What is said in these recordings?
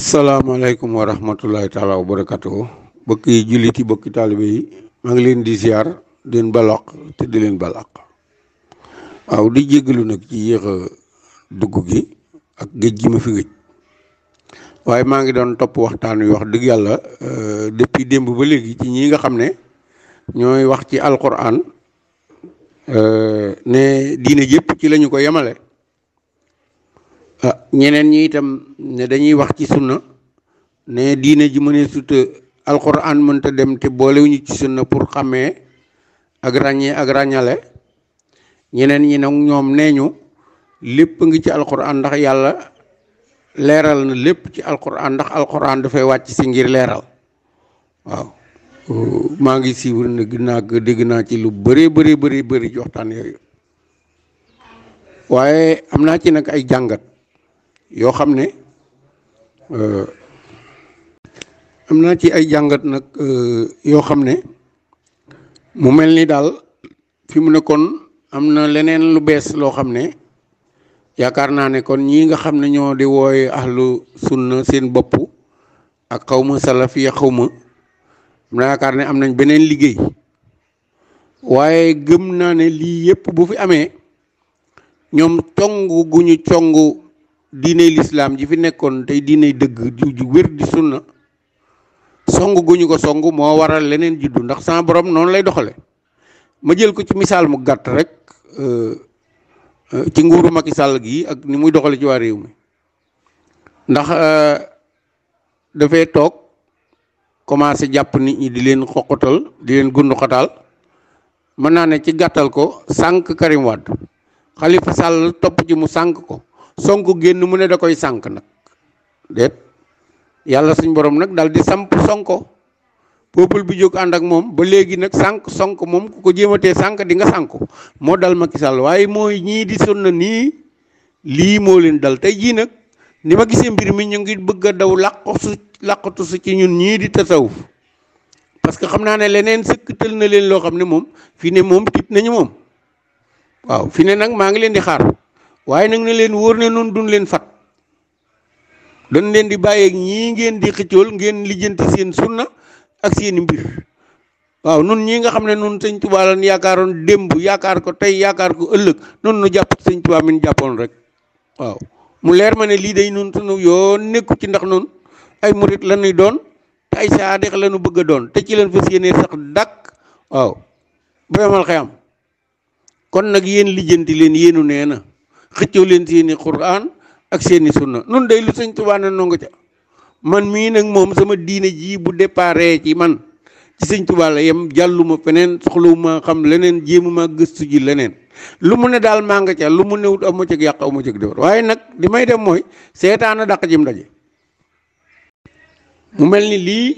Assalamualaikum warahmatullahi taala wabarakatuh. Buki juliti jullit yi bokki yi ma ngi leen di ziar di leen balaq te di leen balaq aw di jéggelu nak ci yéex a dugg gi ak gëj gi ma fi gëj waaye maa ngi doon topp waxtaan wax dëgg yàlla euh, depuis démb ba léegi ci ñi nga xam ne ñooy wax ci alquran euh, ne diine jëpp ci lañu ko Ah, ñeneen ñi itam ne dañuy wax ci sunna ne diine ji mëne sutte alquran mënta dem te wuñu ci sunna pour xamee ak ràññee ak ràññale ñeneen ñi nag ñoom neeñu lépp ngi ci alquran ndax yàlla leral na lépp ci alquran ndax alquran dafay wàcc si ngir leeral waaw maa ngi na nag naag dégg naa ci lu bëree bëri bëri bëri ci waxtaan yooyu waaye am naa ci nag ay jàngat yoo xam ne euh, am na ci ay jàngat nag euh, yoo xam ne mu mel ni daal fi mu ne kon am na leneen lu bees loo xam ne yaakaar naa ne kon ñii nga xam ne ñoo di wooye ahlu sunna seen bopp ak xawma salafiya xawma am na yaakaar ne am nañ beneen liggéey waaye gëm naa ne lii yépp bu fi amee ñoom cong gu ñu cong diiney lislaam ji fi nekkoon tey diiney dëgg ju ju wér di sunna song gu ñu ko song moo waral leneen juddu ndax sama borom noonu lay doxale ma jël ko ci misaal mu gàtt rek euh, euh, ci nguuru Macky sàll gi ak ni muy doxale ci waa réew mi ndax euh, dafay toog commencé jàpp nit ñi di leen xoqatal di leen gundu xataal mën naa ne ci gàttal ko sànq Karim Wade Khalifa Sall topp ci mu sànq ko songku genn mu ne da koy sank nak det yalla suñ borom nak dal di samp songko, peuple bi jog andak mom ba legi nak sank songko mom ku ko jema sank di nga sanko mo dal Macky Sall waye moy ñi di sonna ni li mo leen dal tay ji nak ni ma gisee mbir mi ñu ngi bëgg daw daw su làqatu su ci ñun ñi di tasawuf parce que xamna ne leneen sëkkatal na leen lo xamne ne fi ne mom tit nañu mom waaw fi ne nak ma ngi leen di xaar waaye nag ne leen wóor ne nun duñ leen fat dañ leen di bàyyeek ñii ngeen di xëccool ngeen lijjanti seen sunna ak seeni mbir waaw nun ñii nga xam ne nun sëñ Tuubaa lan yaakaaroon démb yaakaar ko tey yaakaar ko ëllëg nun nu jàpp sëñ Tuubaa min jàppoon rek waaw mu leer ma ne lii day nun sunu yoon nekku ci ndax nun ay murit la ñuy doon te ay saadix la ñu bëgg a doon te ci leen fa yéenee sax dàkk waaw ba yamal kon nag yéen lijjanti leen yéenu nee na xëccoo leen seeni Qur'an ak seeni sunna nun day lu sëñ Tuubaa na ca man mii nag moom sama diine jii bu déparé ci man ci sëñ Tuubaa la yem jàlluma feneen soxlawuma xam leneen jéemuma gëstu ji leneen lu mu ne daal maa nga ca lu mu newut amu cëg yàq amu cëg defar waaye nag li may dem mooy seetaana dàq jim daje mu mel ni lii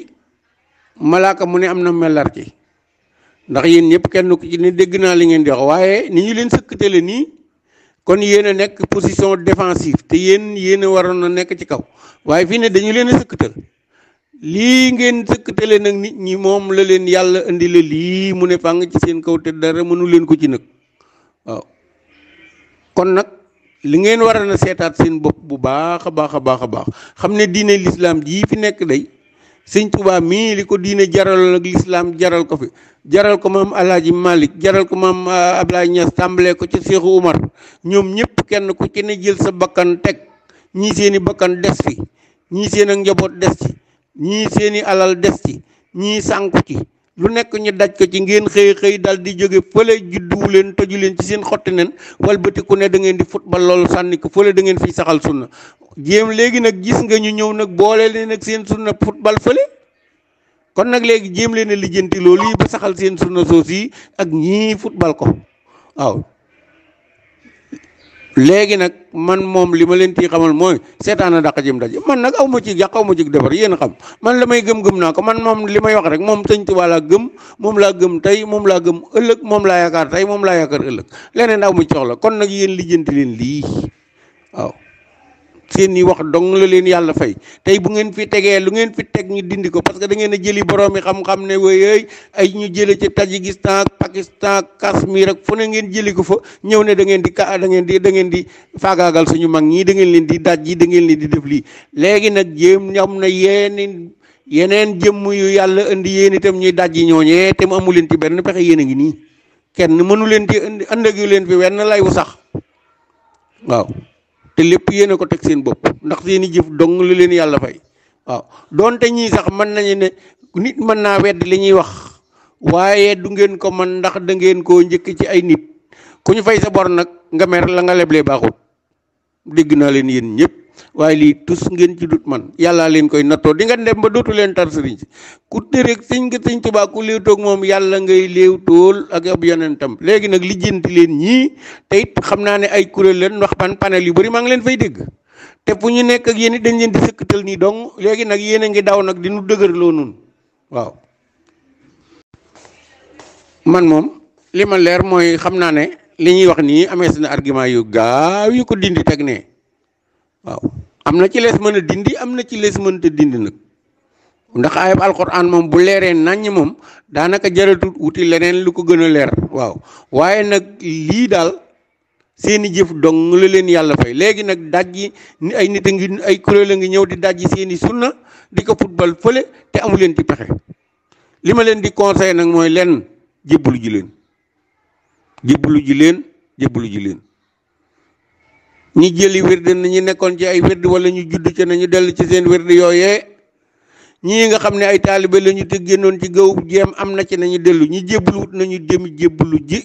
malaaka mu ne am na melar ci ndax yéen ñëpp kenn ku ci ne dégg naa li ngeen di wax waaye ni ñu leen sëkkatale nii kon yéen a nekk position défensive te yéen yéen a waroon a nekk ci kaw waaye fii ne dañu leen a sëkkatal lii ngeen sëkkatale nag nit ñi moom la leen yàlla indi la lii mu ne fàng ci seen kaw te dara mënu leen ko ci nag kon nag li ngeen waroon a seetaat seen bopp bu baax a baax a baax a baax xam ne diine lislaam jii fi nekk day sëñ Tuubaa mii li ko diine jaral ak lislaam jaral ko fi jaral ko maam alaaji Malick jaral ko maam ah, Ablaye Niass tàmbalee ko ci Seexu Umar ñoom ñëpp kenn ku ci ne jël sa bakkan teg ñii seeni bakkan des fi ñii seen ak njaboot des ci ñii seeni alal des ci ñii sànku ci lu nekk ñu daj ko ci ngeen xëy xëy dal di jóge fële judduwu leen toju leen ci seen xotti nen wal bëti ne da ngeen di football loolu sànni ko fële da ngeen fiy saxal sunna jéem léegi nag gis nga ñu ñëw nag boole leen nag seen sunna football fële kon nag léegi jéem leen lijjanti loolu yi ba saxal seen sunna soos yi ak ñii football ko waaw léegi nag man moom li ma leen ciy xamal mooy seetaan a dàq jëm man nag aw ma ci yàq aw ma ci defar yéen xam man la may gëm-gëm naa ko man moom li may wax rek moom sëñ Tuubaa laa gëm moom laa gëm tey moom laa gëm ëllëg moom laa yaakaar tey moom laa yaakaar ëllëg leneen aw ma ci soxla kon nag yéen lijjanti leen lii waaw seen ni wax dong la leen yalla fay tay bu ngeen fi tege lu ngeen fi tek ñu dindi ko parce que da ngeen a jëli yi xam-xam ne wéyeey ay ñu jële ci Tajikistan Pakistan Kashmir ak fu ne ngeen jëli ko fa ñew ne da ngeen di ka da ngeen di da ngeen di fagaagal suñu mag ñi da ngeen leen di daj yi da ngeen leen di def li legi nak jëm ñam na yeneen yeneen jëm yu yalla andi yeen itam ñuy daj yi te mu amu leen ci benn pexe yeen ngi ni kenn mënu leen di indi ak yu leen fi wenn lay wu sax waaw te lépp yéen ko teg seen bopp ndax seen i jëf dong la leen yàlla fay waaw donte ñii sax mën nañu ne nit mën naa wedd li ñuy wax waaye du ngeen ko man ndax da ngeen koo njëkk ci ay nit ku ñu fay sa bor nag nga mer la nga leblee baaxut dégg naa leen yéen ñëpp. waaye lii tus ngeen ci dut man yàllaa leen koy nattoo di nga dem ba dootu leen tar sëriñ si ku tëreg sëñ nga sëñ Tuubaa ku léew toog moom yàlla ngay léew tool ak ab yonentam léegi nag lijjanti leen ñii te xam naa ne ay kuréel leen wax pan panel yu bari maa ngi leen fay dégg te fu ñu nekk ak yéen it dañ leen di sëkkatal nii dong léegi nag yéen a ngi daw nag di nu dëgër loo nun waaw man moom li ma leer mooy xam naa ne li ñuy wax nii amees na argument yu gaaw yu ko dindi teg ne waaw am na ci les mën a dindi am na ci lees mënta dindi nag ndax ayib alquran moom bu leeree naññ moom daanaka jaratut wuti leneen lu ko gën a leer waaw waaye nag lii daal seeni jëf dong la leen yàlla fay léegi nag dajji ni ay nit a ngi ay kuréel a ngi ñëw di dajji seeni sunna di ko futbal fële te amu leen ci pexe li ma leen di conseil nag mooy lenn jébbalu ji leen jébbalu ji leen jébbalu ji leen ñi jëli wird na ñu nekkoon ci ay wird wala ñu judd ci nañu dellu ci seen wird yooyee ñii nga xam ne ay taalibe lañu ñu te génnoon ci gaw jéem am na ci nañu dellu ñi jébbalu wut nañu dem jébbalu ji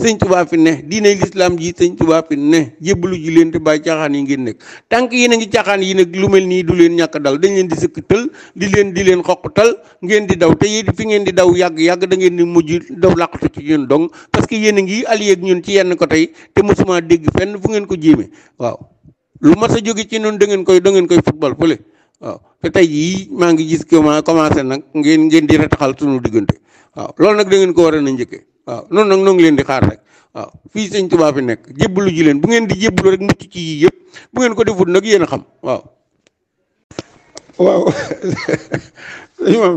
sëñ tubaa fi ne diine lislaam ji sëñ tubaa fi ne jébbalu ji leen te bàyyi caaxaan yi ngeen nekk tànk yéen a ngi caaxaan yi nag lu mel nii du leen ñàkk dal dañ leen di sëkk tël di leen di leen xoq tal ngeen di daw te yéen fi ngeen di daw yàgg-yàgg da ngeen di mujj daw làqatu ci yéen dong parce que yéen a ngi allié ak ñun ci yenn ko tey te mosuma dégg fenn fu ngeen ko jéemee waaw lu mas a jóge ci noonu da ngeen koy da ngeen koy football fële waaw te tey jii maa ngi gis comment commencé nag ngeen ngeen di retaxal sunu diggante waaw loolu nag da ngeen ko war na njëkkee waaw noonu nag noo ngi leen di xaar rek waaw fii sëñ Tuubaa fi nekk jébbalu ji leen bu ngeen di jébbalu rek mucc ci yii yëpp bu ngeen ko defut nag yéen a xam waaw. waaw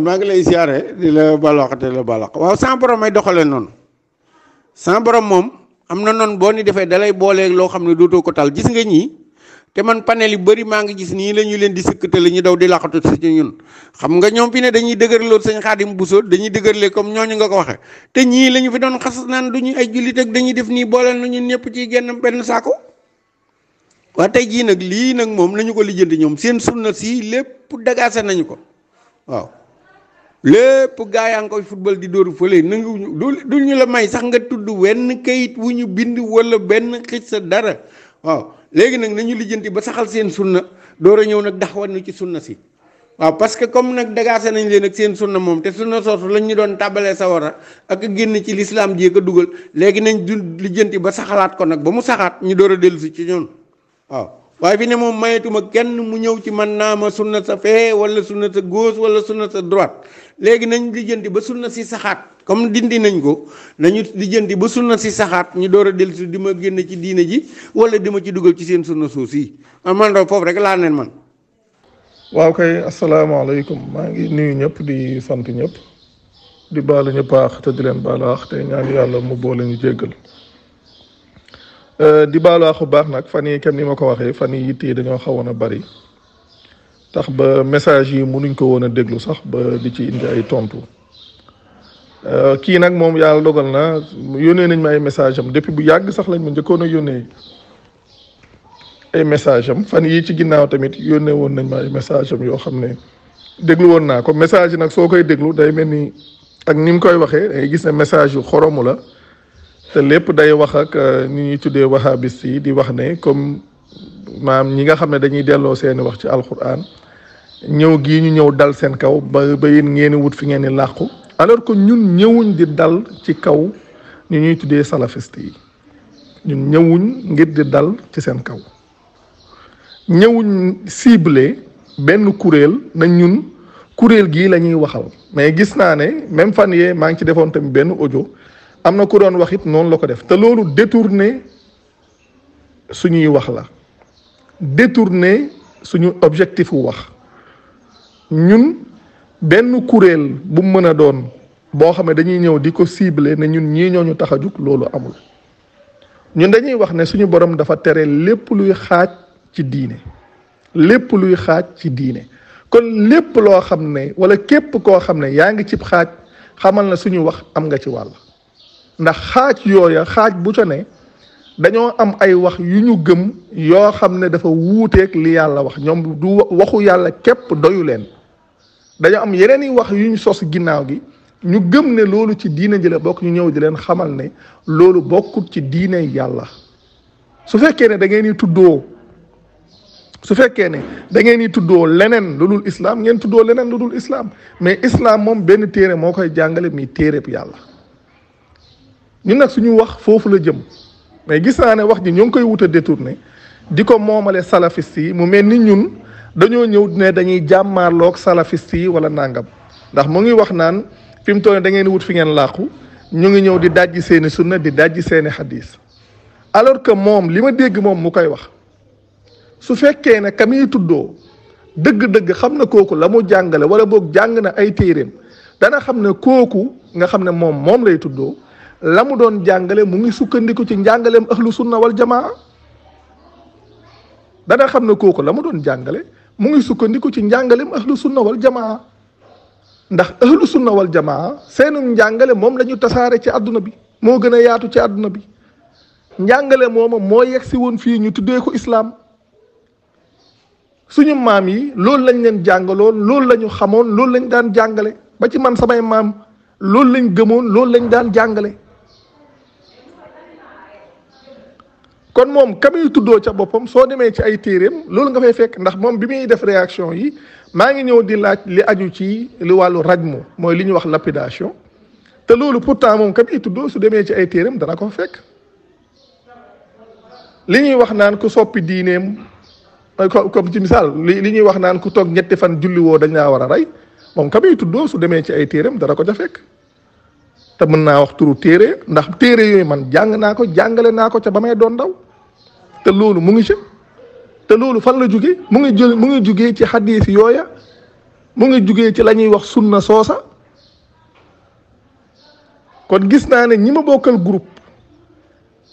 maa ngi lay siyaare di la balax waaw sans borom ay doxalee noonu sans borom moom am na noon boo ni defee dalay boolee loo xam ne dootoo ko tal gis nga ñii te man panel yu bëri maa ngi gis nii la ñu leen di sëkkatale ñu daw di laqatu ci ñun xam nga ñoom fi ne dañuy dëgërloo sëñ Xaadim Buso dañuy dëgërlee comme ñooñu nga ko waxee te ñii la ñu fi doon xas naan du ñu ay jullit dañuy def nii booleel na ñun ñëpp ciy génn benn saako. waa tey jii nag lii nag moom nañu ko lijjanti ñoom seen sunna sii lépp dagaase nañu ko waaw lépp gaa yaa ngi koy football di dóor fële nanguwuñu du ñu la may sax nga tudd wenn kayit wu ñu bind wala benn xis sa dara waaw. léegi nag nañu lijjanti ba saxal seen sunna door a ñëw nag daxawat nu ci sunna si waaw parce que comme nag dagaase nañ leen ak seen sunna moom te sunna soosu lañ ñu doon tàbbalee sawara ak génn ci lislaam ji a dugal léegi nañ du lijjanti ba saxalaat ko nag ba mu saxaat ñu door a dellu si ci ñoon waaw waaye bi ne mom mayetuma kenn mu ñew ci man naa ma sunna sa fe wala sunna sa gauche wala sunna sa droite legi nañ lijjanti ba sunna si saxat comme dindi nañ ko nañu lijjanti ba sunna si saxat ñu doora del dellusi di genn ci diine ji wala di ci duggal ci seen sunna soosi si ah, man do foofu rek la neen man. waaw kay alaykum ma ngi nuyu ñep di sant ñep di balu ñu baax te di leen balax te ñaan yalla mu boole ñu jéggal. Euh, di baalu àq baax nag fan yi kem ni ma ko waxee fan yi yitte dañoo xawoon a bari tax ba message yi munuñ ko woon a déglu sax ba di ci indi ay tontu euh, kii nag moom yàlla dogal na yónnee nañ ma ay message am depuis bu yàgg sax lañ ma njëkkoon a yónnee ay message am fan yii ci ginnaaw tamit yónnee woon nañ ma ay message am yoo xam ne déglu woon naa ko message yi nag soo koy déglu day mel nii ak ni mu koy waxee dangay gis ne message yu xoromu la. te lépp day wax ak euh, ni ñuy tuddee wahabis yi di wax ne comme maam ñi nga xam ne dañuy delloo seeni wax ci alquran ñëw gii ñu ñëw dal seen kaw ba ba yéen ngeen wut fi ngeen di làqu alors que ñun ñëwuñ di dal ci kaw ñu ñuy tuddee salafiste yi ñun ñëwuñ ngir di dal ci seen kaw ñëwuñ ciblé benn kuréel na ñun kuréel gii la ñuy waxal mais gis naa ne même fan yee maa ngi ci defoon tamit benn ojo am na ku doon wax it noonu la ko def te loolu détourné suñuy wax la détourné suñu objectif wu wax ñun benn kuréel bu mën a doon boo xam ne dañuy ñëw di ko ciblé ne ñun ñii ñooñu tax a jug loolu amul ñun dañuy wax ne suñu borom dafa tere lépp luy xaaj ci diine lépp luy xaaj ci diine kon lépp loo xam ne wala képp koo xam ne yaa ngi cib xaaj xamal na suñu wax am nga ci wàll ndax xaaj yooya xaaj bu ca ne dañoo am ay wax yu ñu gëm yoo xam ne dafa wuuteeg li yàlla wax ñoom du waxu yàlla képp doyu leen dañoo am yeneen yi wax yu ñu sos ginnaaw gi ñu gëm ne loolu ci diine ji la bokk ñu ñëw di leen xamal ne loolu bokkut ci diine yàlla su fekkee ne da ngeen tuddoo su fekkee ne da ngeen di tuddoo leneen lu dul islam ngeen tuddoo leneen lu dul islam mais islam moom benn téere moo koy jàngale muy téereb yàlla. ñun nag suñu wax foofu la jëm mais gis naa ne wax ji ñoo ngi koy wut a di ko moomale salafiste yi mu mel ni ñun dañoo ñëw ne dañuy jàmmaarloog salafiste yi wala nangam ndax mu ngi wax naan fi mu toll da ngeen wut fi ngeen làqu ñu ngi ñëw di dajji seeni sunna di dajj seeni xadiis alors que moom li ma dégg moom mu koy wax su fekkee ne ka tuddoo dëgg-dëgg xam na kooku la mu jàngale wala boog jàng na ay téeréem dana xam ne kooku nga xam ne moom moom lay tuddoo la mu doon jàngale mu ngi sukkandiku ci njàngaleem ahlu sunna wal jamaa dana xam ne kooku la mu doon jàngale mu ngi sukkandiku ci njàngaleem ahlu sunna wal jamaa ndax ahlu sunna wal jamaa seenum njàngale moom la tasaare ci àdduna bi moo gën a yaatu ci àdduna bi njàngale mooma moo yegg si woon fii ñu tuddee ko islaam suñu maam yi loolu lañ leen jàngaloon loolu lañu xamoon loolu lañ daan jàngale ba ci man samay maam loolu lañ gëmoon loolu lañ daan jàngale kon moom ka muy tuddoo ca boppam soo demee ci ay téereem loolu nga fay fekk ndax moom bi muy def réaction yi maa ngi ñëw di laaj li aju ci li wàllu rajmu mooy li ñuy wax lapidation te loolu pourtant moom ka muy tuddoo su demee ci ay téeréem dana ko fekk li ñuy wax naan ku soppi diineem comme ci misaal li ñuy wax naan ku toog ñetti fan julliwoo dañ laa war a rey moom ka muy tuddoo su demee ci ay téeréem dana ko ca fekk te mën naa wax turu téere ndax téere yooyu man jàng naa ko jàngale naa ko ca ba may doon ndaw te loolu mu ngi ci te loolu fan la jóge mu ngi jël mu ngi jugee ci xadiis yooya mu ngi jugee ci la ñuy wax sunna soosa kon gis naa ne ñi ma bokkal groupe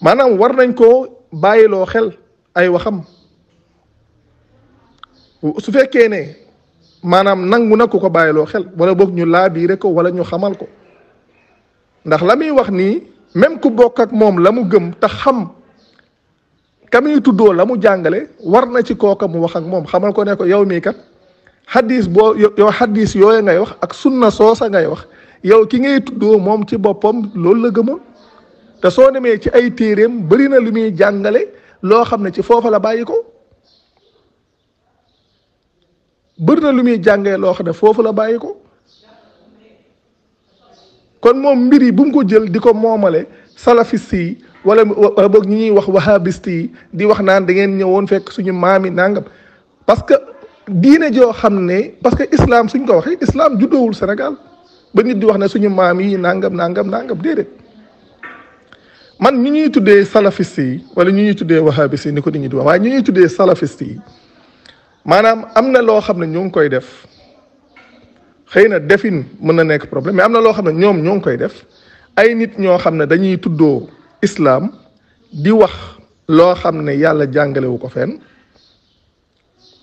maanaam war nañ koo bàyyiloo xel ay waxam su fekkee ne maanaam nangu na ko ko bàyyiloo xel wala boog ñu laabiire ko wala ñu xamal ko ndax la muy wax nii même ku bokk moom la mu gëm tax xam ka muy tuddoo la mu jàngale war na ci kooka mu wax ak moom xamal ko ne ko yow mii kat xaddiis boo yow xaddiis yooyu ngay wax ak sunna soosa ngay wax yow ki ngay tuddoo moom ci boppam loolu la gëmoon te soo demee ci ay téeréem bëri na lu muy jàngale loo xam ne ci foofa la bàyyi ko bëri na lu muy jàngee loo xam ne foofu la bàyyi ko kon moom mbir yi bu mu ko jël di ko moomale salafiste yi wala boog ñi ñuy wax wahabiste yi di wax naan da ngeen ñëwoon fekk suñu maam yi nangam parce que diine joo xam ne parce que islam suñ ko waxee islam juddoowul Sénégal ba nit di wax ne suñu maam yi nangam nangam nangam déedéet man ñu ñuy tuddee salafiste yi wala ñu ñuy tuddee wahabiste yi ni ko nit ñi di wax waaye ñu ñuy tuddee salafiste yi maanaam am na loo xam ne ñu ngi koy def. xëy na defin mën na nekk problème mais am na loo xam ne ñoom ñoo ngi koy def ay nit ñoo xam ne dañuy tuddoo islaam di wax loo xam ne yàlla jàngalewu ko fenn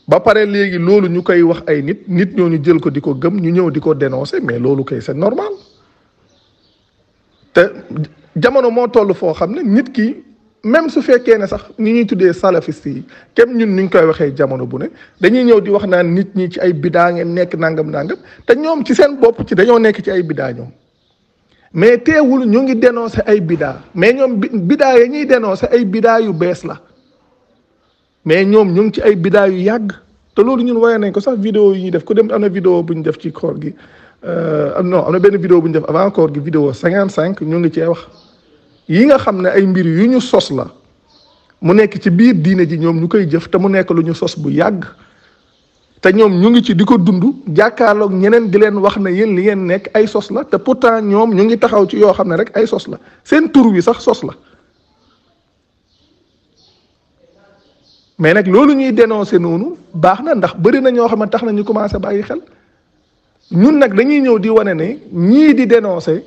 ba pare léegi loolu ñu koy wax ay nit nit ñoo ñu jël ko di ko gëm ñu ñëw di ko dénoncer mais loolu kay c'est normal te jamono moo toll foo xam ne nit ki même su fekkee ne sax ni ñuy tuddee salafiste yi kem ñun ni ñu koy waxee jamono bu ne dañuy ñëw di wax naan nit ñi ci ay bidaa ngeen nekk nangam nangam te ñoom ci seen bopp ci dañoo nekk ci ay bidaa ñoom mais teewul ñu ngi dénoncé ay bidaa mais ñoom bidaa ya ñuy dénoncé ay bidaa yu bees la mais ñoom ñu ngi ci ay biddaa yu yàgg te loolu ñun woyee nañ ko sax video yi ñuy def ku dem am na vidéo bu ñu def ci koor gi euh, non am na benn vidéo bu ñu def avant koor gi vidéo cinquante cinq ñu ngi cee wax yi nga xam ne ay mbir yu ñu sos la mu nekk ci biir diine ji ñoom ñu koy jëf te mu nekk lu ñu sos bu yàgg te ñoom ñu ngi ci di ko dund jàkkaarloog ñeneen di leen wax ne yéen li ngeen nekk ay sos la te pourtant ñoom ñu ngi taxaw ci yoo xam ne rek ay sos la seen tur wi sax sos la mais nag loolu ñuy dénoncé noonu baax na ndax bëri na ñoo xam ne tax nañu ñu commencé bàyyi xel ñun nag dañuy ñëw di wane ne ñii di dénoncé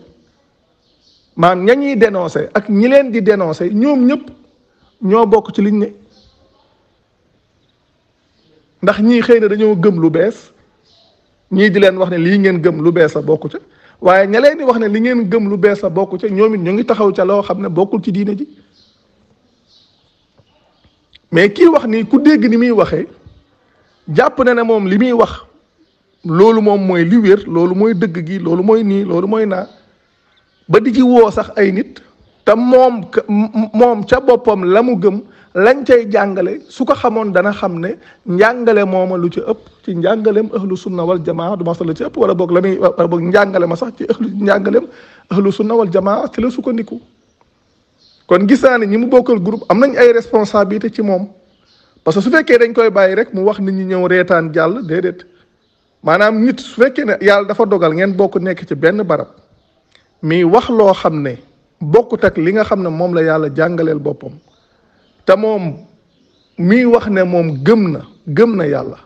maam ña ñuy dénoncé ak ñi leen di dénoncé ñoom ñëpp ñoo bokk ci liñ ne ndax ñii xëy na dañoo gëm lu bees ñii di leen wax ne lii ngeen gëm lu bees la bokku ca waaye ña leen di wax ne li ngeen gëm lu bees la bokku ca ñoom it ñu ngi taxaw ca loo xam ne bokkul ci diine ji mais kii wax nii ku dégg ni muy waxee jàpp ne na moom li muy wax loolu moom mooy li wér loolu mooy dëgg gi loolu mooy nii loolu mooy naa ba di ci woo sax ay nit te moom moom ca boppam la mu gëm lañ cay jàngale su ko xamoon dana xam ne moom a lu ci ëpp ci njàngaleem ahlu na wal jamaa du ma ci ëpp wala boog la muy wala boog njàngale ma sax ci ahlu njàngaleem ahlu sunna wal jamaa ci la sukkandiku kon gis naa ne ñi mu bokkal group am nañ ay responsabilité ci moom parce que su fekkee dañ koy bàyyi rek mu wax nit ñi ñëw reetaan jàll déedéet maanaam nit su fekkee ne yàlla dafa dogal ngeen bokk nekk ci benn barab mi wax loo xam ne bokkut ak li nga xam ne moom la yàlla jàngaleel boppam te moom mii wax ne moom gëm na gëm na yàlla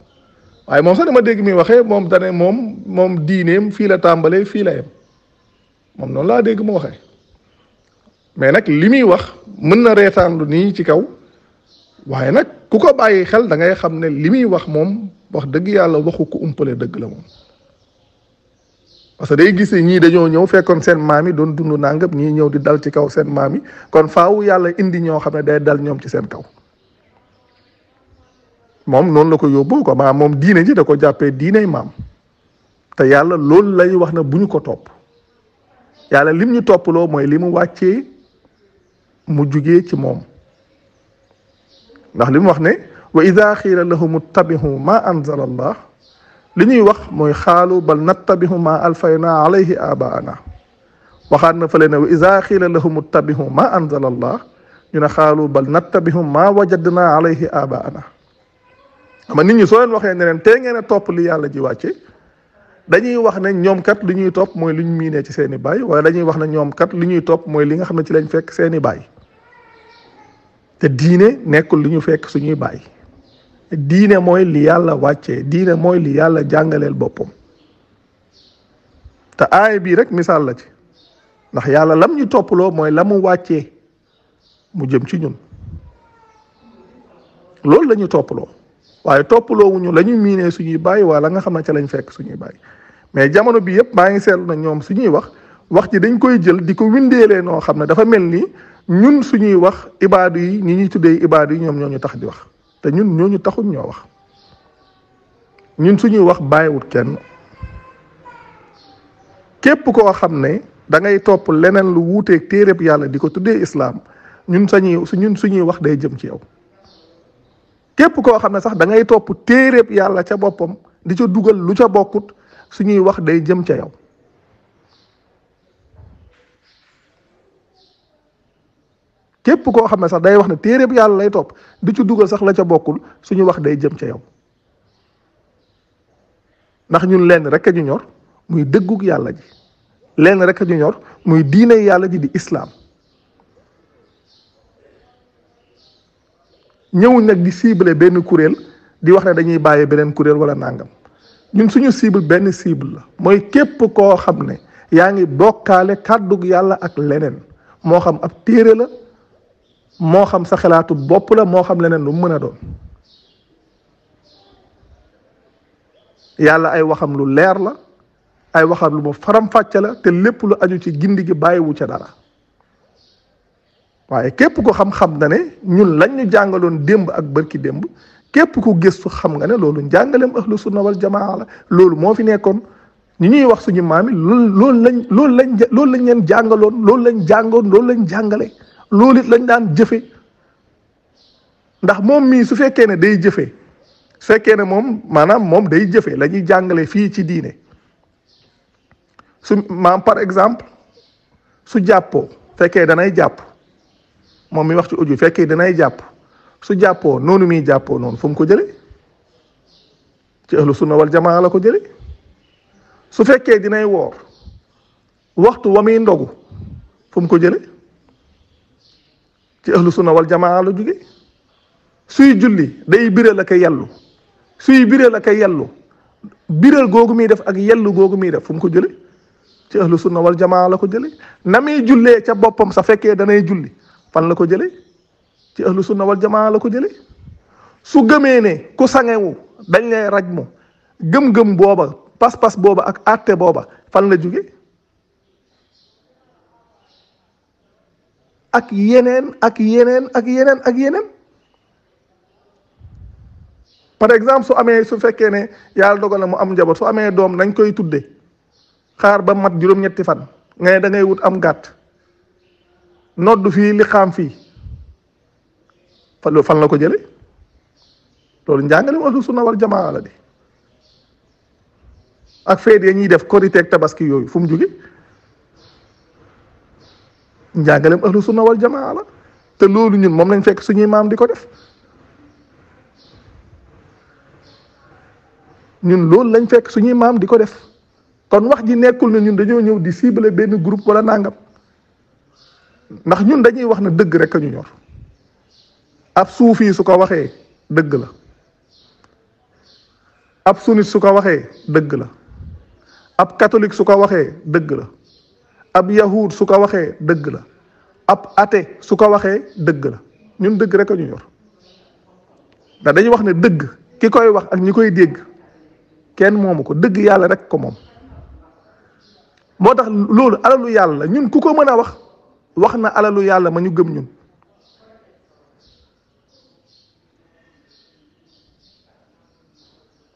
waaye moom sax dama dégg mi waxee moom dane moom moom diineem fii la tàmbalee fii la yem moom noonu laa dégg mu waxee mais nag li muy wax mën na reetaanlu nii ci kaw waaye nag ku ko bàyyi xel da ngay xam ne li muy wax moom wax dëgg yàlla waxu ko umpale dëgg la moom parce que day gis ñii dañoo ñëw fekkoon seen maam yi doon dund nangam ñuy ñëw di dal ci kaw seen maam yi kon faaw yàlla indi ñoo xam ne day dal ñoom ci seen kaw moom noonu la ko yóbboo ko maanaam moom diine ji da ko jàppee diiney maam te yàlla loolu lay wax na bu ñu ko topp yàlla lim ñu topploo mooy li mu wàccee mu jugee ci moom ndax li mu wax ne wa ida xiila lahum ittabihu ma anzala allah li ñuy wax mooy xaalu bal nattabihu ma alfayna alayhi abaana waxaat na fële ne wa isa xiila lahum ittabihu ma anzala allah ñu ne xaalu bal nattabihu ma wajadna alayhi abaana ama nit ñi soo leen waxee ne leen tee ngeen a topp li yàlla ji wàcce dañuy wax ne ñoom kat li ñuy topp mooy li ñu miinee ci seen i baay wala dañuy wax ne ñoom kat li ñuy topp mooy li nga xam ne ci lañ fekk seen i baay te diine nekkul li ñu fekk suñuy baay diine mooy li yàlla wàccee diine mooy li yàlla jàngaleel boppam te aaya bii rek misaal la ci ndax yàlla lam ñu toppaloo mooy la mu wàccee mu jëm ci ñun loolu la ñu toppaloo waaye toppaloowuñu la ñu miinee suñuy bàyyi waa la nga xam ne ca lañ fekk suñuy bàyyi mais jamono bi yëpp baa ngi seetlu na ñoom su ñuy wax wax ji dañ koy jël di ko windeelee noo xam ne dafa mel ni ñun suñuy wax ibaadu yi ñi ñuy tuddee ibaadu yi ñoom ñooñu tax di wax te ñun ñooñu taxuñ ñoo wax ñun suñuy wax bàyyiwut kenn képp koo xam ne da ngay topp leneen lu wuuteeg téereb yàlla di ko tuddee islaam ñun sañuy ñun suñuy wax day jëm ci yow képp koo xam ne sax da ngay topp téereb yàlla ca boppam di ca dugal lu ca bokkut su ñuy wax day jëm ca yow képp koo xam ne sax day wax ne téere bi yàlla lay topp du ci dugal sax la ca bokkul suñu wax day jëm ca yow ndax ñun lenn rek a ñu ñor muy dëggug yàlla lenn rek a ñor muy diine yàlla ji di islaam ñëwuñ nag di ciblé benn kuréel di wax ne dañuy bàyyi beneen kuréel wala nàngam ñun suñu cible benn cible la mooy képp koo xam ne yaa ngi bokkaale kàddug yàlla ak leneen moo xam ab téere la moo xam sa xalaatu bopp la moo xam leneen lu mu mën a doon yàlla ay waxam lu leer la ay waxam lu mu faram-fàcce te lépp lu aju ci gindi gi bàyyiwu ca dara waaye képp ko xam-xam nga ne ñun lañ ñu jàngaloon démb ak bërki démb képp ku gëstu xam nga ne loolu njàngaleem ahlu sunna wal jamaa la loolu moo fi nekkoon ñu ñuy wax suñu maam yi loolu lañ loolu lañ loolu leen jàngaloon loolu lañ jàngoon loolu lañ jàngale loolu it lañ daan jëfe ndax moom mii su fekkee ne day jëfe fekkee ne moom maanaam moom day jëfe la ñuy jàngale fii ci diine su maam par exemple su jàppoo fekkee danay jàpp moom mi wax ci audio fekkee danay jàpp su jàppoo noonu muy jàppoo noonu fu mu ko jële ci ahlu sunna wal jamaa la ko jële su fekkee dinay woor waxtu wa muy ndogu fu ko jële ci ahlu sunna wal jamaa la jóge suy julli day biral ak yellu suy biral ak yellu biral googu muy def ak yellu googu muy def fu ko jële ci ahlu sunna wal jamaa la ko jële na muy jullee ca boppam sa fekkee danay julli fan la ko jële ci ahlu sunna wal la ko jële su gëmee ne ku sangewu dañ raj mu gëm-gëm booba pas-pas booba ak àtte booba fan la jóge ak yeneen ak yeneen ak yeneen ak yeneen par exemple su amee su fekkee ne yàlla dogal na mu am njaboot soo amee doom nañ koy tudde xaar ba mat juróom-ñetti fan nga ne da ngay wut am gàtt noddu fii li xaam fii fan la ko jële loolu njàngale mu ahlu sunna wal jamaa la di ak feet ya ñuy def korite tabaski yooyu fu mu jóge njàngaleem ahlu sunna wal jamaa la te loolu ñun moom lañ fekk suñuy maam di ko def ñun loolu lañ fekk suñuy maam di ko def kon wax ji nekkul na ñun dañoo ñëw di cibler benn groupe wala nangam ndax ñun dañuy wax ne dëgg rek a ñu ñor ab suufi su ko waxee dëgg la ab sunit su ko waxee dëgg la ab katolik su ko waxee dëgg la ab yahud su ko waxee dëgg la ab athée su ko waxee dëgg la ñun dëgg rek a ñu yor ndax dañuy wax ne dëgg ki koy wax ak ñi koy dégg kenn moomu ko dëgg yàlla rekk ko moom moo tax loolu alalu yàlla la ñun ku ko mën a wax wax na alalu yàlla ma ñu gëm ñun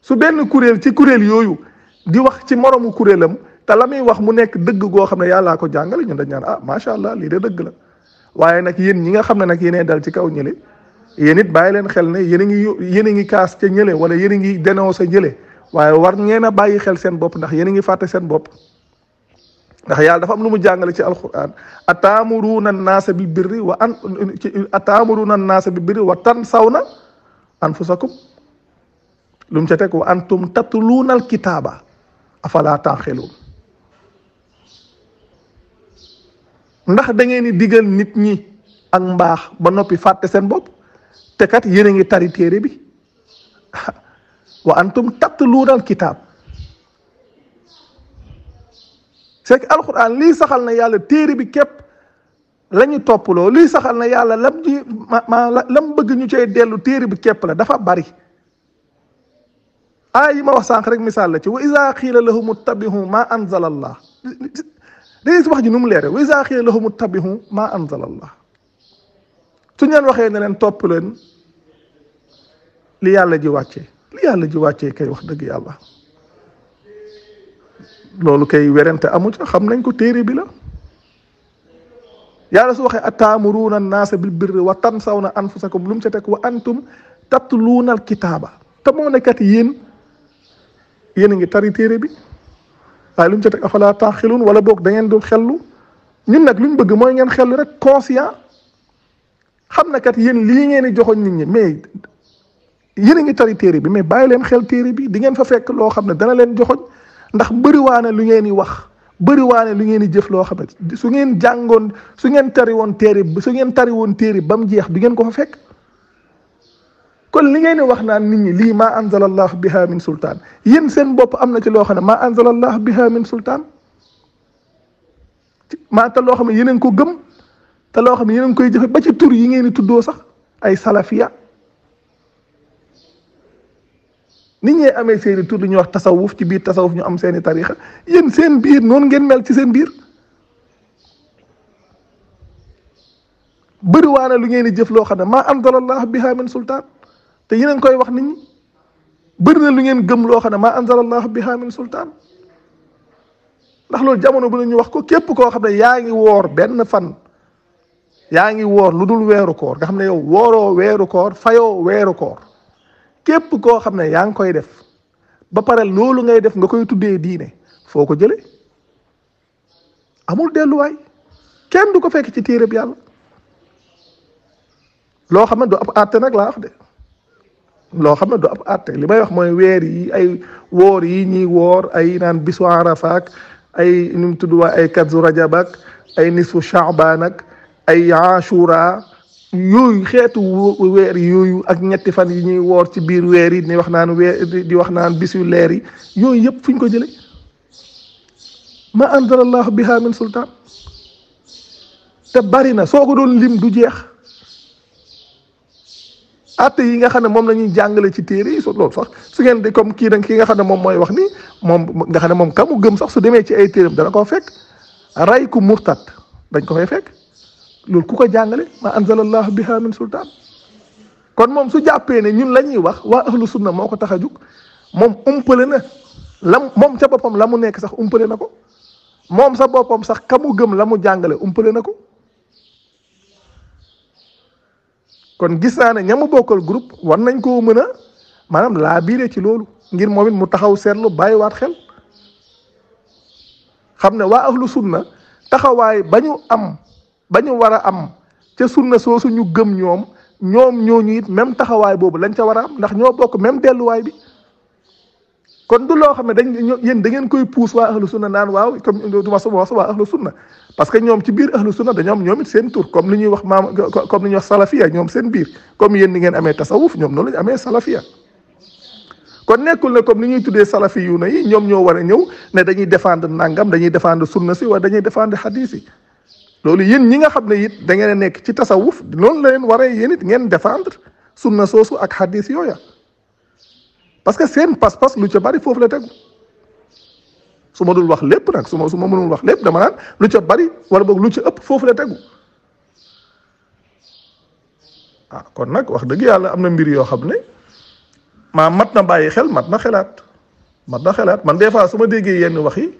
su benn kuréel ci kuréel yooyu di wax ci moroomu kuréelam te la wax mu nek deug go xam yalla ko jangal ñu dañ ñaan ah sha allah li de deug la waye nak yeen ñi nga xam nak nag dal ci kaw ñële yéen it bàyyi leen xel ne yéen ngi yéen ngi kaas ci ñële wala yéen ngi ngi sa ñële waye war ngeen a xel seen bop ndax yéen ngi faté seen bop ndax yalla dafa am lu mu jàngale ci alquran an-nasa bil birri wa an an-nasa bil birri wa tansawna anfusakum lum ca tek wa antum al-kitaba afala takhilun ndax da ngeen di nit ñi ak mbaax ba noppi fàtte seen bopp te kat yéen a ngi tari téere bi wa antum tatluuna al kitaab c'est que alquran lii saxal na yàlla téere bi képp la ñu topploo lii saxal na yàlla lam bëgg ñu cay dellu téere bi kepp la dafa bari aay yi ma wax sànq rek misaal la ci wa iza qiila lahum ittabihu ma anzala allah léegi si wax ji nu mu leere wa izaa qiila lahum ittabi'u maa anzala Allah suñ leen waxee ne leen topp leen li yàlla ji wàccee li yàlla ji wàccee kay wax dëgg yàlla loolu kay werante amu ca xam nañ ko téere bi la yàlla su waxee ataamuruuna annaasa bil birri wa tansawna anfusakum lu mu ca teg wa antum tatluuna al kitaaba te moo ne kat yéen yéen a ngi tari téere bi waaye lu mu ca wala boog da ngeen dul xellu ñun nag lu ñu bëgg mooy ngeen xellu rek conscient xam na kat yéen lii ngeen di joxoon nit ñi mais yéen a ngi tari téere bi mais bàyyi leen xel téere bi di ngeen fa fekk loo xam ne dana leen joxoñ ndax bëriwaane lu ngeen di wax bëriwaane lu ngeen di jëf loo xam su ngeen jàngoon su ngeen tari woon téere bi su ngeen tari woon téere ba mu jeex du ngeen ko fa fekk kon li ngeen di wax naan nit ñi lii maa anzalallah biha min Sultan. yéen seen bopp am na ci loo xam ne maa anzalallah biha min Sultan? maa te loo xam ne yeneen ko gëm te loo xam ne yeneen koy jëfe ba ci tur yi ngeen di tuddoo sax ay salafiya nit ñee amee seeni tur lu wax tasawuf ci biir tasawuf ñu am seeni tarixa yéen seen biir noonu ngeen mel ci seen biir bëri waana lu ngeen di jëf loo xam ne maa anzalallah biha min Sultan. te yéen a ngi koy wax nit ñi bëri na lu ngeen gëm loo xam ne maa anzalallahu biha min sultaan ndax loolu jamono bu ne ñu wax ko képp koo xam ne yaa ngi woor benn fan yaa ngi woor lu dul weeru koor nga xam ne yow wooroo weeru koor fayo weeru koor képp koo xam ne yaa ngi koy def ba pare loolu ngay def nga koy tuddee diine foo ko jële amul delluwaay kenn du ko fekk ci bi yàlla loo xam ne du ab àtte nag laa wax de. lo xamne ne du ab àtte li may wax moy wër yi ay wor yi ñi wor ay nan bisu arafak ay num tuddu wa ay kadzu rajabak ay nisfu sha'banak ay ashura yoy xétu wër yoy ak ñetti fan yi ñi wor ci biir wër yi ni wax naan di wax naan bisu lèr yi yoy yëpp fuñ ko jëlé ma anzala allahu biha min sultan te bari na soo doon lim du jeex atte yi nga xam ne moom la ñuy jàngale ci téere yi su loolu sax su ngeen di comme kii nag ki nga xam ne moom mooy wax ni moom nga xam ne moom kamu gëm sax su demee ci ay téeram dana ko fekk ray ku murtat dañ ko fay fekk loolu ku ko jàngale ma anzalallahu biha min sultaan kon moom su jàppee ne ñun la ñuy wax waa ahlu sunna moo ko tax a jug moom umpale na lam moom ca boppam la mu nekk sax umpale na ko moom sa boppam sax kamu gëm la mu jàngale umpale na ko kon gis naa ne ña mu bokkal groupe war nañ koo mën a maanaam laa biire ci loolu ngir moom it mu taxaw seetlu waat xel xam ne waa ahlu sunna taxawaay ba ñu am ba ñu war a am ca sunna soosu ñu gëm ñoom ñoom ñooñu it même taxawaay boobu lañ ca war a ndax ñoo bokk même delluwaay bi kon du loo xam ne dañ yéen da ngeen koy puus waa ahlu sunna naan waaw comme ñoom ci biir ahlu sunna dañoo am ñoom it seen tur comme li ñuy wax maam comme li ñuy wax salafiya ñoom kon nekkul ne comme ni ñuy tuddee salafi yu na yi ñoom ñoo war ñëw ne dañuy defendre nangam dañuy défendre sunna si wala dañuy défendre hadis yi loolu yéen ñi nga xam ne it dangeen a nekk ci tasawuf loolu la leen waree yéen it ngeen défendre sunna soosu ak hadis yooya parce que seen pas-pas lu ca bari foofu la tegu su ma dul wax lépp nag suma ma su ma mënul wax lépp dama naan lu ca bari wala boog lu ca ëpp foofu la tegu ah kon nag wax dëgg yàlla am na mbir yoo xam ne maa mat na bàyyi xel mat na xelaat mat na xelaat man des fois su ma déggee yenn wax yi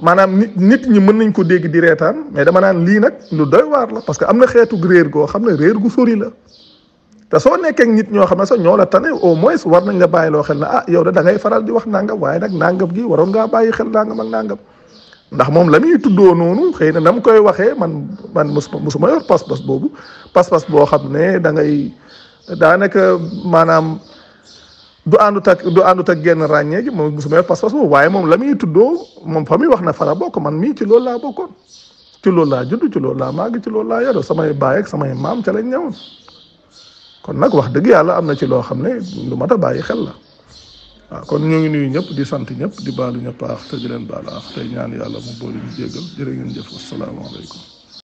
maanaam nit nit ñi mën nañ ko dégg di reetaan mais dama naan lii nag lu doy waar la parce que am na xeetu réer goo xam ne réer gu sori la. te soo nekkee nit ñoo xam sax ñoo la tane au moins war nañ la bayilo xel na ah yow da ngay faral di wax nangam waye nak nangam gi waron nga bayyi xel nangam ak nangam ndax mom lamuy tuddo nonu xeyna nam koy waxe man man musuma yor pas-pas bobu pas-pas bo xamne da ngay naka manam du andu tak du andu tak genn ragne gi mom musuma yor pas-pas bobu waye mom lamuy tuddo mom fami wax na fara bokk man mi ci loolu la bokkon ci loolu la jiddu ci loolu la mag ci loolu la yoro samay baye ak samay mam ci lañ kon nag wax dëgg yàlla am na ci loo xam ne lu mat a bàyyi xel la waaw kon ñoo ngi nuyu ñëpp di sant ñëpp di baalu ñëpp aax te di leen baal aax tey ñaan yàlla mu boole ñu jéggal jërë ngeen jëf asalaamaaleykum